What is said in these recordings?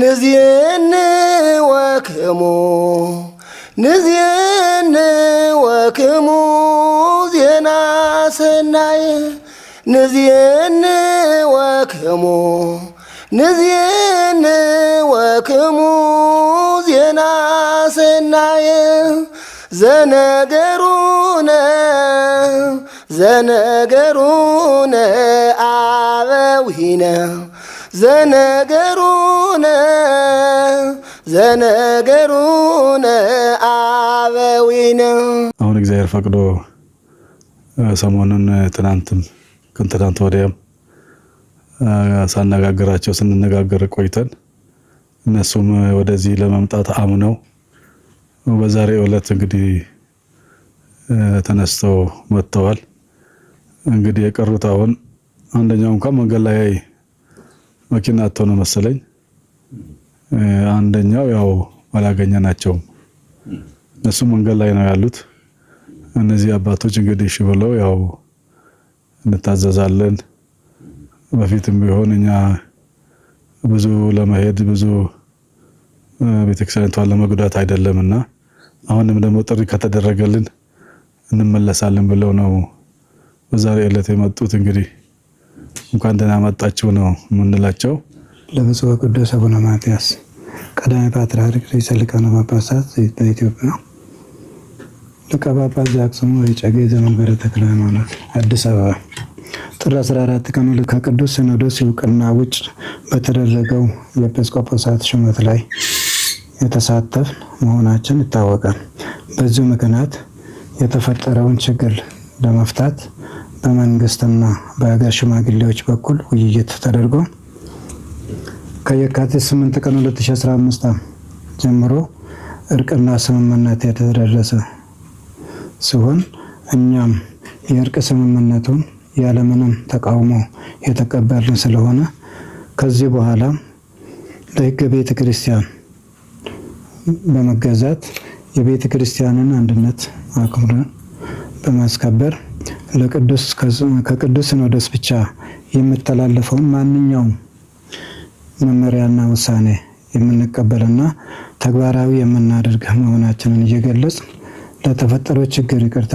ንዚየኒ ወክሙ ንዚየኒ ወክሙ ዜና ሰናይ ንዚየኒ ወክሙ ንዚየኒ ወክሙ ዜና ሰናይ ዘነገሩነ ዘነገሩነ አበዊነ ዘነገሩነ ዘነገሩነ አበዊነ አሁን እግዚአብሔር ፈቅዶ ሰሞኑን ትናንትም ከትናንት ወዲያም ሳነጋግራቸው ስንነጋገር ቆይተን እነሱም ወደዚህ ለመምጣት አምነው በዛሬ ዕለት እንግዲህ ተነስተው መጥተዋል። እንግዲህ የቀሩት አሁን አንደኛው እንኳን መንገድ ላይ መኪና አጥተው ነው መሰለኝ። አንደኛው ያው ናቸውም። እነሱ መንገድ ላይ ነው ያሉት። እነዚህ አባቶች እንግዲህ እሺ ብለው ያው እንታዘዛለን። በፊትም ቢሆን እኛ ብዙ ለመሄድ ብዙ ቤተክርስቲያኒቷን ለመጉዳት አይደለምና አሁንም ደግሞ ጥሪ ከተደረገልን እንመለሳለን ብለው ነው በዛሬ ዕለት የመጡት እንግዲህ እንኳን ደህና መጣችሁ ነው የምንላቸው። ለብፁዕ ወቅዱስ አቡነ ማትያስ ቀዳሚ ፓትርያርክ ርዕሰ ሊቃነ ጳጳሳት በኢትዮጵያ ሊቀ ጳጳስ ዘአክሱም ወዕጨጌ ዘመንበረ ተክለ ሃይማኖት አዲስ አበባ ጥር 14 ቀን ከቅዱስ ሲኖዶስ እውቅና ውጭ በተደረገው የኤጲስቆጶሳት ሹመት ላይ የተሳተፍ መሆናችን ይታወቃል። በዚሁ ምክንያት የተፈጠረውን ችግር ለመፍታት በመንግስትና በሀገር ሽማግሌዎች በኩል ውይይት ተደርጎ ከየካቲት 8 ቀን 2015 ጀምሮ እርቅና ስምምነት የተደረሰ ሲሆን እኛም የእርቅ ስምምነቱን ያለምንም ተቃውሞ የተቀበልን ስለሆነ ከዚህ በኋላ ለህገ ቤተ ክርስቲያን በመገዛት የቤተ ክርስቲያንን አንድነት አክብረን በማስከበር ለቅዱስ ከቅዱስ ሲኖዶስ ብቻ የምተላለፈውን ማንኛውም መመሪያና ውሳኔ የምንቀበልና ተግባራዊ የምናደርግ መሆናችንን እየገለጽ ለተፈጠረው ችግር ይቅርታ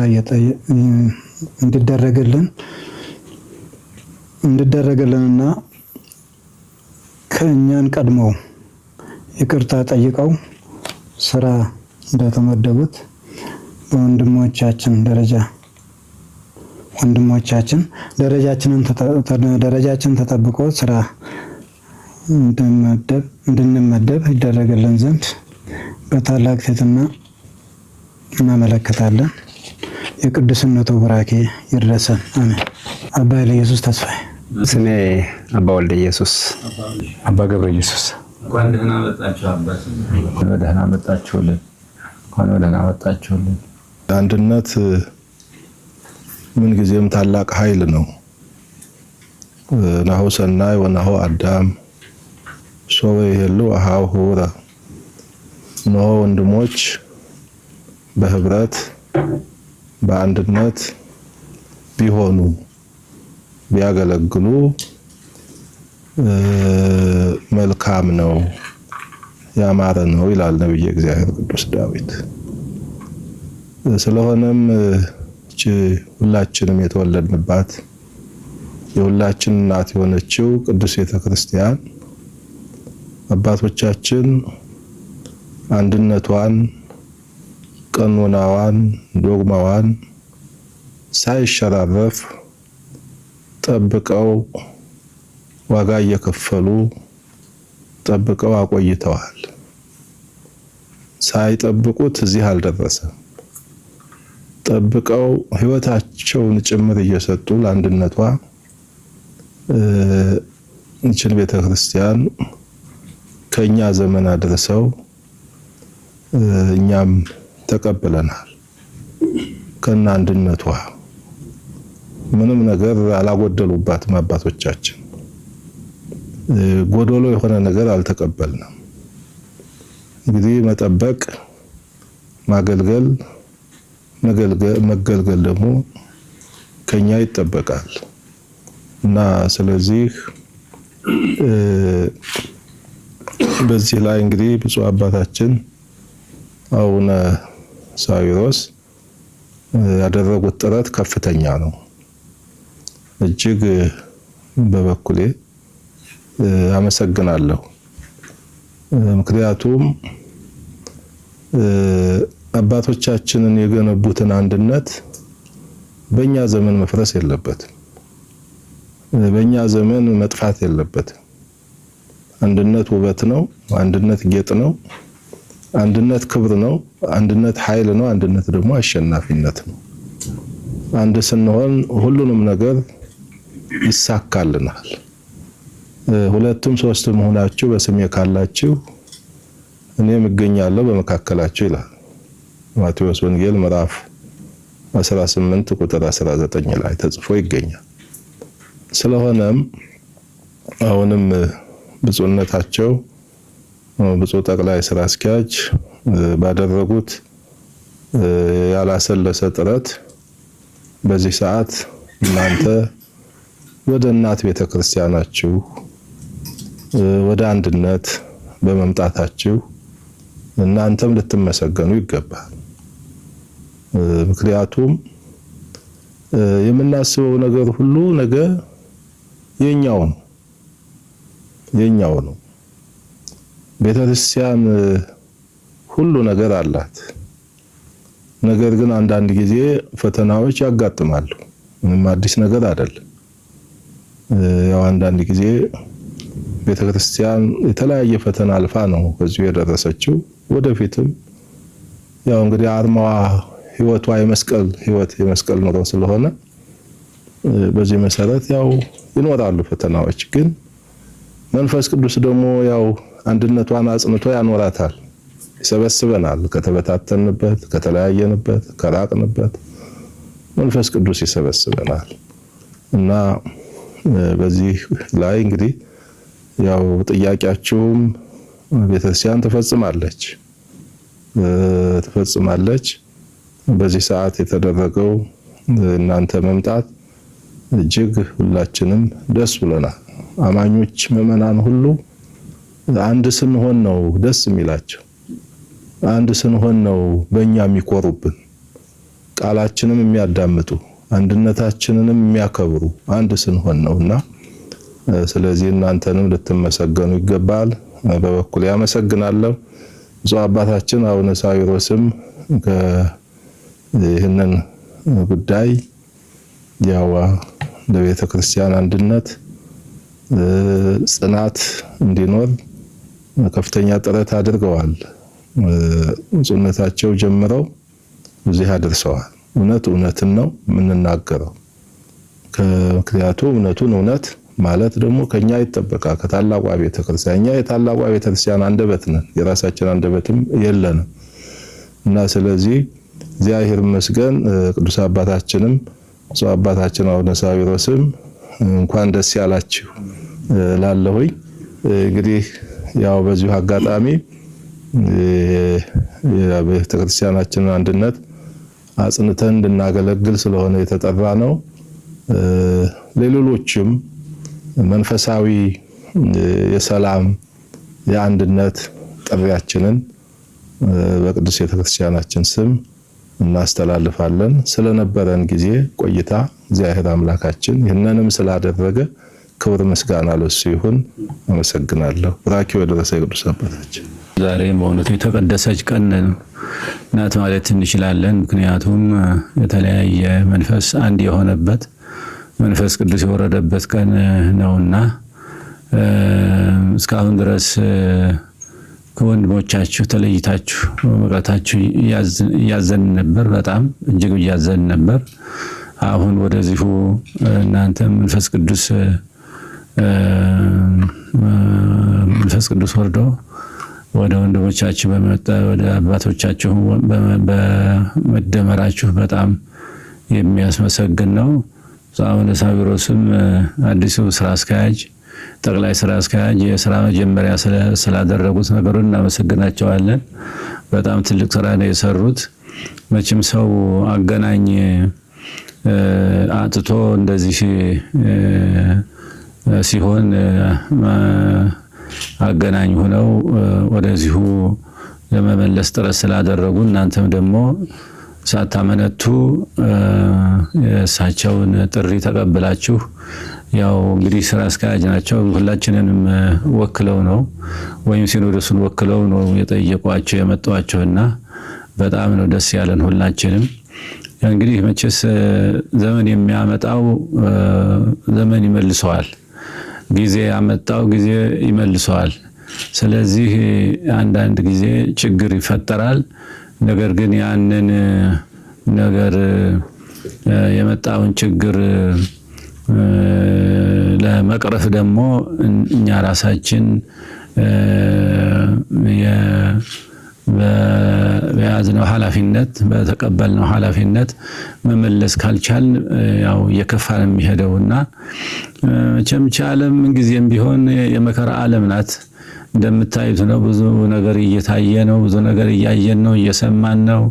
እንዲደረግልን እንዲደረግልንና ከእኛን ቀድመው ይቅርታ ጠይቀው ስራ እንደተመደቡት በወንድሞቻችን ደረጃ ወንድሞቻችን ደረጃችንን ደረጃችን ተጠብቆ ስራ እንድንመደብ እንድንመደብ ይደረግልን ዘንድ በታላቅ ትህትና እናመለከታለን። የቅዱስነቱ ቡራኬ ይድረሰን። አሜን። አባ ኃይለ ኢየሱስ ተስፋዬ። ስሜ አባ ወልደ ኢየሱስ፣ አባ ገብረ ኢየሱስ። እንኳን ደህና መጣችሁ አባት፣ ደህና መጣችሁልን። እንኳን ደህና መጣችሁልን። አንድነት ምንጊዜም ታላቅ ኃይል ነው። ናሁ ሰናይ ወናሁ አዳም ሶበ ይሄሉ አሃው ሁራ እነሆ ወንድሞች በህብረት በአንድነት ቢሆኑ ቢያገለግሉ መልካም ነው ያማረ ነው ይላል ነቢየ እግዚአብሔር ቅዱስ ዳዊት። ስለሆነም ይች ሁላችንም የተወለድንባት የሁላችን እናት የሆነችው ቅዱስ ቤተክርስቲያን አባቶቻችን አንድነቷን፣ ቀኖናዋን፣ ዶግማዋን ሳይሸራረፍ ጠብቀው ዋጋ እየከፈሉ ጠብቀው አቆይተዋል። ሳይጠብቁት እዚህ አልደረሰም። ጠብቀው ህይወታቸውን ጭምር እየሰጡ ለአንድነቷ ይችን ቤተ ክርስቲያን ከኛ ዘመን አድርሰው እኛም ተቀብለናል። ከና አንድነቷ ምንም ነገር አላጎደሉባትም። አባቶቻችን ጎዶሎ የሆነ ነገር አልተቀበልንም። እንግዲህ መጠበቅ ማገልገል መገልገል ደግሞ ከኛ ይጠበቃል እና ስለዚህ በዚህ ላይ እንግዲህ ብፁዕ አባታችን አቡነ ሳዊሮስ ያደረጉት ጥረት ከፍተኛ ነው። እጅግ በበኩሌ አመሰግናለሁ። ምክንያቱም አባቶቻችንን የገነቡትን አንድነት በእኛ ዘመን መፍረስ የለበትም። በእኛ ዘመን መጥፋት የለበትም። አንድነት ውበት ነው። አንድነት ጌጥ ነው። አንድነት ክብር ነው። አንድነት ኃይል ነው። አንድነት ደግሞ አሸናፊነት ነው። አንድ ስንሆን ሁሉንም ነገር ይሳካልናል። ሁለቱም ሶስትም ሆናችሁ በስሜ ካላችሁ እኔም እገኛለሁ በመካከላችሁ ይላል። ማቴዎስ ወንጌል ምዕራፍ 18 ቁጥር 19 ላይ ተጽፎ ይገኛል። ስለሆነም አሁንም ብፁዕነታቸው ብፁዕ ጠቅላይ ስራ አስኪያጅ ባደረጉት ያላሰለሰ ጥረት በዚህ ሰዓት እናንተ ወደ እናት ቤተክርስቲያናችሁ ወደ አንድነት በመምጣታችሁ እናንተም ልትመሰገኑ ይገባል። ምክንያቱም የምናስበው ነገር ሁሉ ነገ የኛው ነው የኛው ነው። ቤተክርስቲያን ሁሉ ነገር አላት። ነገር ግን አንዳንድ ጊዜ ፈተናዎች ያጋጥማሉ። ምንም አዲስ ነገር አይደለም። ያው አንዳንድ ጊዜ ቤተክርስቲያን የተለያየ ፈተና አልፋ ነው ከዚሁ የደረሰችው። ወደፊትም ያው እንግዲህ አርማዋ ህይወቷ የመስቀል ህይወት የመስቀል ኑሮ ስለሆነ በዚህ መሰረት ያው ይኖራሉ ፈተናዎች። ግን መንፈስ ቅዱስ ደግሞ ያው አንድነቷን አጽንቶ ያኖራታል፣ ይሰበስበናል። ከተበታተንበት፣ ከተለያየንበት፣ ከራቅንበት መንፈስ ቅዱስ ይሰበስበናል እና በዚህ ላይ እንግዲህ ያው ጥያቄያችሁም ቤተክርስቲያን ትፈጽማለች ትፈጽማለች በዚህ ሰዓት የተደረገው እናንተ መምጣት እጅግ ሁላችንም ደስ ብሎናል። አማኞች ምዕመናን ሁሉ አንድ ስንሆን ነው ደስ የሚላቸው። አንድ ስንሆን ነው በእኛ የሚኮሩብን፣ ቃላችንም የሚያዳምጡ፣ አንድነታችንንም የሚያከብሩ አንድ ስንሆን ነውና ስለዚህ እናንተንም ልትመሰገኑ ይገባል። በበኩል ያመሰግናለሁ። ብፁዕ አባታችን አቡነ ሳዊሮስም ይህንን ጉዳይ ያው ለቤተ ክርስቲያን አንድነት ጽናት እንዲኖር ከፍተኛ ጥረት አድርገዋል። ጽነታቸው ጀምረው እዚህ አድርሰዋል። እውነት እውነትን ነው የምንናገረው። ምክንያቱ እውነቱን እውነት ማለት ደግሞ ከኛ ይጠበቃል፣ ከታላቋ ቤተክርስቲያን። እኛ የታላቋ ቤተክርስቲያን አንደበት ነን፣ የራሳችን አንደበትም የለንም እና ስለዚህ እግዚአብሔር ይመስገን። ቅዱስ አባታችንም ብፁዕ አባታችን አቡነ ሳዊሮስም እንኳን ደስ ያላችሁ ላለሁኝ እንግዲህ ያው በዚሁ አጋጣሚ የቤተክርስቲያናችንን አንድነት አጽንተን እንድናገለግል ስለሆነ የተጠራ ነው። ለሌሎችም መንፈሳዊ የሰላም የአንድነት ጥሪያችንን በቅዱስ ቤተክርስቲያናችን ስም እናስተላልፋለን። ስለነበረን ጊዜ ቆይታ እግዚአብሔር አምላካችን ይህንንም ስላደረገ ክብር ምስጋና ለሱ ይሁን። አመሰግናለሁ። ቡራኪው የደረሰ የቅዱስ አባታችን ዛሬ በእውነቱ የተቀደሰች ቀን ናት ማለት እንችላለን። ምክንያቱም የተለያየ መንፈስ አንድ የሆነበት መንፈስ ቅዱስ የወረደበት ቀን ነውና እስካሁን ድረስ ከወንድሞቻችሁ ተለይታችሁ መቅረታችሁ እያዘን ነበር። በጣም እጅግ እያዘን ነበር። አሁን ወደዚሁ እናንተ መንፈስ ቅዱስ መንፈስ ቅዱስ ወርዶ ወደ ወንድሞቻችሁ በመጣ ወደ አባቶቻችሁ በመደመራችሁ በጣም የሚያስመሰግን ነው። አቡነ ሳዊሮስም አዲሱ ስራ አስኪያጅ ጠቅላይ ስራ አስኪያጅ የስራ መጀመሪያ ስላደረጉት ነገሩን እናመሰግናቸዋለን። በጣም ትልቅ ስራ ነው የሰሩት። መቼም ሰው አገናኝ አጥቶ እንደዚህ ሲሆን አገናኝ ሆነው ወደዚሁ ለመመለስ ጥረት ስላደረጉ እናንተም ደግሞ ሳታመነቱ የእሳቸውን ጥሪ ተቀብላችሁ ያው እንግዲህ ስራ አስኪያጅ ናቸው። ሁላችንንም ወክለው ነው ወይም ሲኖዶሱን ወክለው ነው የጠየቋቸው እና በጣም ነው ደስ ያለን ሁላችንም። እንግዲህ መቼስ ዘመን የሚያመጣው ዘመን ይመልሰዋል፣ ጊዜ ያመጣው ጊዜ ይመልሰዋል። ስለዚህ አንዳንድ ጊዜ ችግር ይፈጠራል። ነገር ግን ያንን ነገር የመጣውን ችግር ለመቅረፍ ደግሞ እኛ ራሳችን በያዝነው ኃላፊነት በተቀበልነው ኃላፊነት መመለስ ካልቻል ያው እየከፋ ነው እና መቼም ዓለም ምንጊዜም ቢሆን የመከራ ዓለም ናት። እንደምታዩት ነው። ብዙ ነገር እየታየ ነው። ብዙ ነገር እያየን ነው፣ እየሰማን ነው።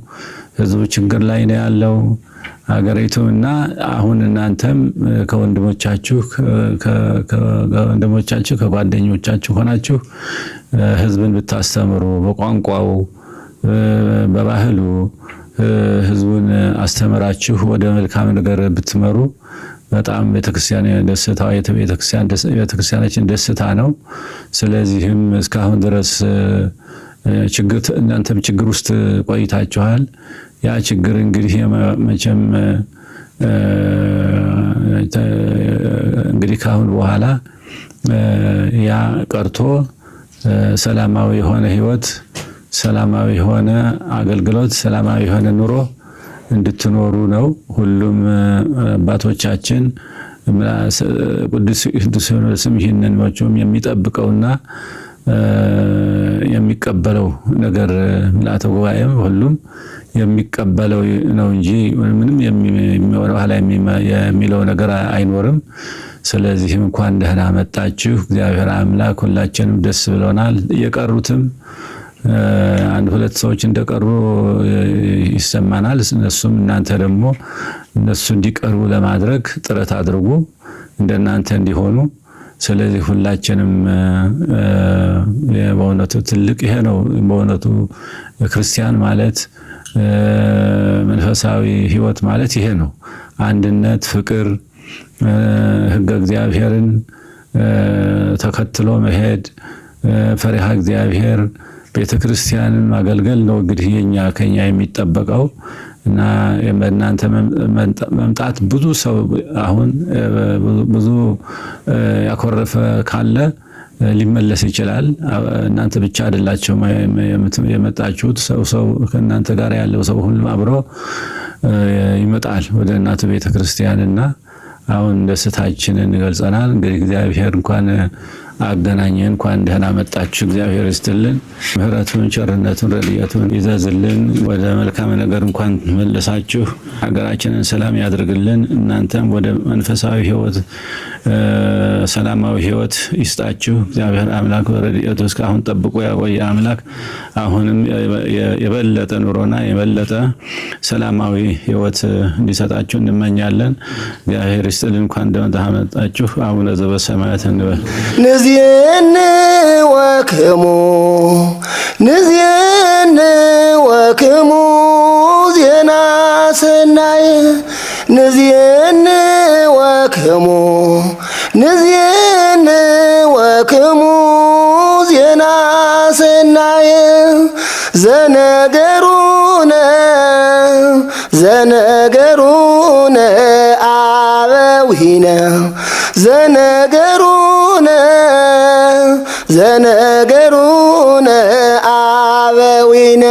ህዝቡ ችግር ላይ ነው ያለው ሀገሪቱ እና አሁን እናንተም ከወንድሞቻችሁ ከወንድሞቻችሁ ከጓደኞቻችሁ ሆናችሁ ህዝብን ብታስተምሩ በቋንቋው በባህሉ ህዝቡን አስተምራችሁ ወደ መልካም ነገር ብትመሩ በጣም ቤተክርስቲያን ደስታ ቤተክርስቲያናችን ደስታ ነው። ስለዚህም እስካሁን ድረስ ችግር እናንተም ችግር ውስጥ ቆይታችኋል። ያ ችግር እንግዲህ መቼም እንግዲህ ካሁን በኋላ ያ ቀርቶ ሰላማዊ የሆነ ህይወት ሰላማዊ የሆነ አገልግሎት፣ ሰላማዊ የሆነ ኑሮ እንድትኖሩ ነው። ሁሉም አባቶቻችን ቅዱስ ይህንን የሚጠብቀውና የሚቀበለው ነገር ምልአተ ጉባኤም ሁሉም የሚቀበለው ነው እንጂ ምንም ኋላ የሚለው ነገር አይኖርም። ስለዚህም እንኳን ደህና መጣችሁ። እግዚአብሔር አምላክ ሁላችንም ደስ ብሎናል። የቀሩትም አንድ ሁለት ሰዎች እንደቀሩ ይሰማናል። እነሱም እናንተ ደግሞ እነሱ እንዲቀርቡ ለማድረግ ጥረት አድርጉ፣ እንደናንተ እንዲሆኑ። ስለዚህ ሁላችንም በእውነቱ ትልቅ ይሄ ነው። በእውነቱ ክርስቲያን ማለት መንፈሳዊ ሕይወት ማለት ይሄ ነው። አንድነት፣ ፍቅር፣ ሕገ እግዚአብሔርን ተከትሎ መሄድ፣ ፈሪሃ እግዚአብሔር ቤተ ክርስቲያንን ማገልገል ነው እንግዲህ የኛ ከኛ የሚጠበቀው እና በእናንተ መምጣት ብዙ ሰው አሁን ብዙ ያኮረፈ ካለ ሊመለስ ይችላል። እናንተ ብቻ አይደላችሁም የመጣችሁት። ሰው ሰው ከእናንተ ጋር ያለው ሰው ሁሉም አብሮ ይመጣል ወደ እናቱ ቤተ ክርስቲያን እና አሁን ደስታችንን ገልጸናል። እንግዲህ እግዚአብሔር እንኳን አገናኘ። እንኳን ደህና መጣችሁ። እግዚአብሔር ይስጥልን፣ ምሕረቱን ቸርነቱን ረድኤቱን ይዘዝልን። ወደ መልካም ነገር እንኳን መለሳችሁ። ሀገራችንን ሰላም ያድርግልን። እናንተም ወደ መንፈሳዊ ህይወት ሰላማዊ ህይወት ይስጣችሁ። እግዚአብሔር አምላክ በረድኤቱ እስካሁን ጠብቆ ያቆየ አምላክ አሁንም የበለጠ ኑሮና የበለጠ ሰላማዊ ህይወት እንዲሰጣችሁ እንመኛለን። እግዚአብሔር ይስጥልን። እንኳን ደህና መጣችሁ። አቡነ ዘበሰማያት እንበል። ንዝየኒ ወክሙ ንዝየኒ ወክሙ ዜና ሰናይ ንዝየኒ ወክሙ ንዝየኒ ወክሙ ዜና ሰናይ ዘነገሩነ ዘነገሩነ አበዊነ ዘነገሩ ዘነገሩነ አበዊነ